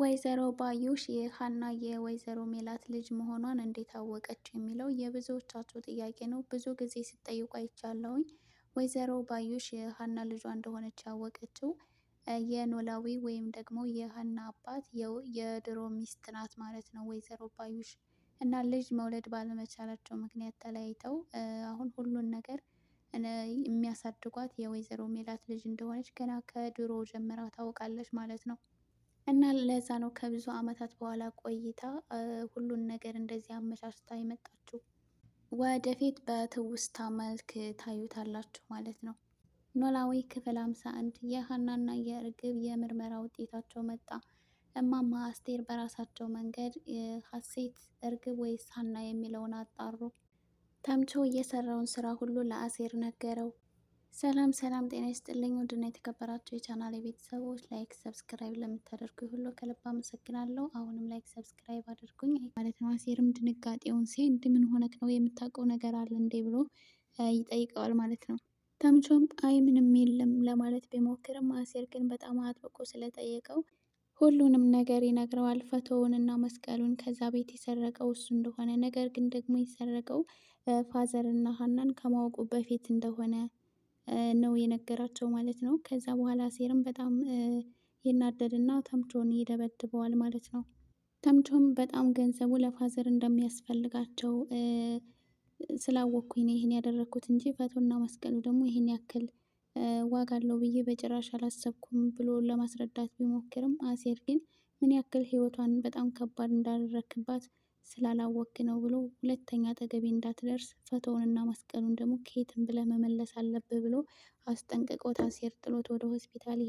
ወይዘሮ ባዩሽ የሀና የወይዘሮ ሜላት ልጅ መሆኗን እንዴት አወቀች የሚለው የብዙዎቻችሁ ጥያቄ ነው። ብዙ ጊዜ ሲጠይቁ አይቻለውኝ። ወይዘሮ ባዩሽ የሀና ልጇ እንደሆነች ያወቀችው የኖላዊ ወይም ደግሞ የሀና አባት የድሮ ሚስት ናት ማለት ነው ወይዘሮ ባዩሽ እና ልጅ መውለድ ባለመቻላቸው ምክንያት ተለያይተው አሁን ሁሉን ነገር የሚያሳድጓት የወይዘሮ ሜላት ልጅ እንደሆነች ገና ከድሮ ጀምራ ታውቃለች ማለት ነው። እና ለዛ ነው ከብዙ አመታት በኋላ ቆይታ ሁሉን ነገር እንደዚህ አመቻችታ የመጣችው። ወደፊት በትውስታ መልክ ታዩታላችሁ ማለት ነው። ኖላዊ ክፍል ሃምሳ አንድ የሀናና የእርግብ የምርመራ ውጤታቸው መጣ። እማማ አስቴር በራሳቸው መንገድ ሀሴት፣ እርግብ ወይስ ሀና የሚለውን አጣሩ። ተምቾ የሰራውን ስራ ሁሉ ለአሴር ነገረው። ሰላም ሰላም፣ ጤና ይስጥልኝ ውድና የተከበራችሁ የቻናል የቤተሰቦች ላይክ ሰብስክራይብ ለምታደርጉ ሁሉ ከልብ አመሰግናለሁ። አሁንም ላይክ ሰብስክራይብ አድርጉኝ ማለት ነው። አሴርም ድንጋጤውን ሲ እንድ ምን ሆነክ ነው የምታውቀው ነገር አለ እንዴ ብሎ ይጠይቀዋል ማለት ነው። ተምቾም አይ ምንም የለም ለማለት ቢሞክርም አሴር ግን በጣም አጥብቆ ስለጠየቀው ሁሉንም ነገር ይነግረዋል። ፈቶውን እና መስቀሉን ከዛ ቤት የሰረቀው እሱ እንደሆነ ነገር ግን ደግሞ የሰረቀው ፋዘር እና ሀናን ከማወቁ በፊት እንደሆነ ነው የነገራቸው ማለት ነው። ከዛ በኋላ አሴርም በጣም ይናደድና ተምቾን ይደበድበዋል ማለት ነው። ተምቾም በጣም ገንዘቡ ለፋዘር እንደሚያስፈልጋቸው ስላወቅኩኝ ነው ይህን ያደረግኩት እንጂ ፈቶና መስቀሉ ደግሞ ይህን ያክል ዋጋ አለው ብዬ በጭራሽ አላሰብኩም ብሎ ለማስረዳት ቢሞክርም አሴር ግን ምን ያክል ህይወቷን በጣም ከባድ እንዳደረክባት ስላላወክ ነው ብሎ ሁለተኛ አጠገቤ እንዳትደርስ ፈቶውንና መስቀሉን ደግሞ ከየትም ብለህ መመለስ አለብህ ብሎ አስጠንቅቆት አሴር ጥሎት ወደ ሆስፒታል